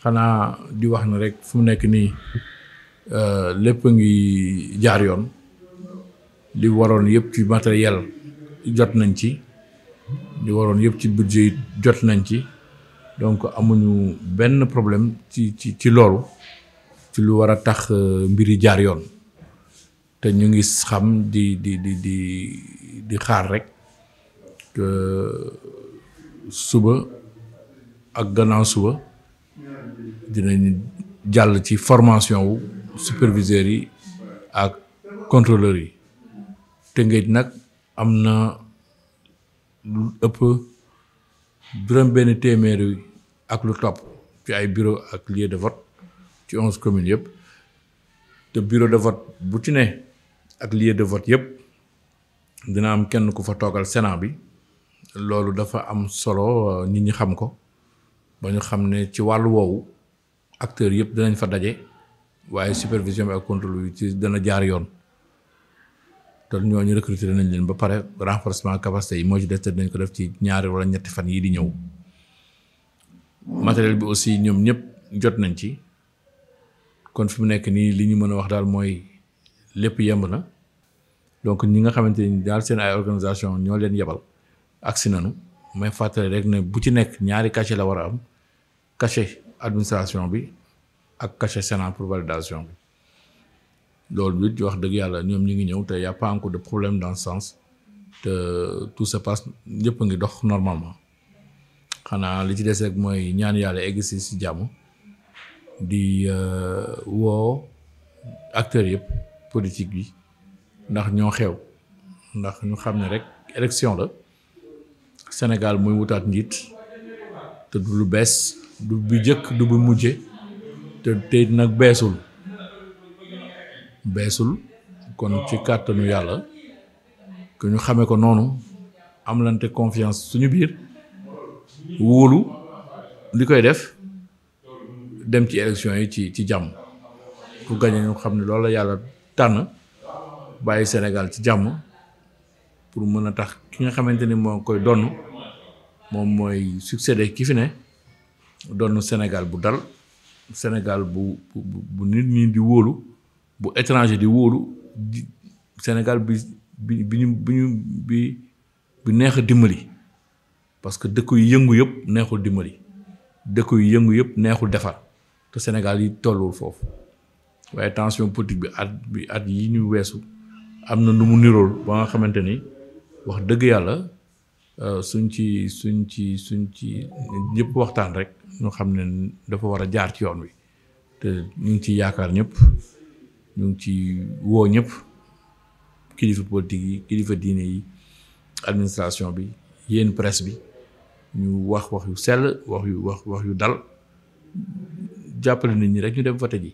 xana di wax na rek fu mu nekk nii euh, lépp ngi jaar yoon li waroon yëpp ci matériel jot nañ ci li waroon yëpp ci budget jot nañ ci donc amuñu benn problème ci ci ci loolu ci lu war a tax euh, mbiri jaar yoon te ñu ngi xam di di di di di xaar rek que suba ak gannaaw suba dinañ jàll ci formation wu superviseurs yi ak contrôleurs yi Tëngéej nag am na lu ëpp juróom benn téeméeri ak lu topp ci ay bureau ak lieu de vote ci onze communes yëpp te bureau de vote bu ci ne ak lieu de vote yëpp dina am kenn ku fa toogal Sénat bi loolu dafa am solo euh, nit ñi xam ko ba ñu xam ne ci wàllu woowu acteurs yëpp danañ fa daje waaye supervision bi ak contrôle bi ci dana jaar yoon te ñooñu recruter nañ leen ba pare renforcement capacité yi moo ci des dinañ ko def ci ñaari wala ñetti fan yii di ñëw matériel bi aussi ñoom ñëpp jot nañ ci kon fi mu nekk nii li ñu mën a wax daal mooy lépp yemb na donc ñi nga xamante ni daal seen ay organisation ñoo leen yebal agsi nañu may fàttali rek ne bu ci nekk ñaari cachet la war a am cachet administration bi ak cachet Sénat pour validation bi loolu it wax dëgg yàlla ñoom ñu ngi ñëw té y'a pas encore de problème dans ce sens te tout se passe ñëpp ngi dox normalement xana li ci des rek moy ñaan yalla egg ci si jàmm di euh, wo acteur yépp politique bi ndax ñoo xew ndax ñu xam ne rek élection la Sénégal muy wutaat njiit te du lu bees. du bu jëkk du bu mujje te tey nag beesul beesul kon ci kàttanu yàlla ko ñu xamee ko noonu amlante confiance suñu biir wóolu li koy def dem ci élection yi ci ci jàmm ku gañe ñu xam ne loolu yàlla tànn bàyyi Sénégal ci jàmm pour mën a tax ki nga xamante ni moo koy donn moom mooy succédé ki fi ne doon Sénégal bu dal Sénégal bu bu nit ñi di wóolu bu étranger di wóolu Sénégal bi bi bi ñu bi neex dimbali parce que dëkk yu yëngu yëpp neexul dimbali dëkk yu yëngu yëpp neexul defar te Sénégal yi tolluwul foofu waaye tension politique bi at bi at yi ñu weesu am na nu mu nirool ba nga xamante ni wax dëgg yàlla euh, suñ ci suñ ci suñ ci ñëpp waxtaan rek. ñu xam ne dafa war a jaar ci yoon wi te ñu ngi ci yaakaar ñëpp ñu ngi ci woo ñëpp kilifa politique yi kilifa diine yi administration bi yéen presse bi ñu wax wax yu sell wax yu wax wax yu dal jàppale nit ñi rek ñu dem vote ji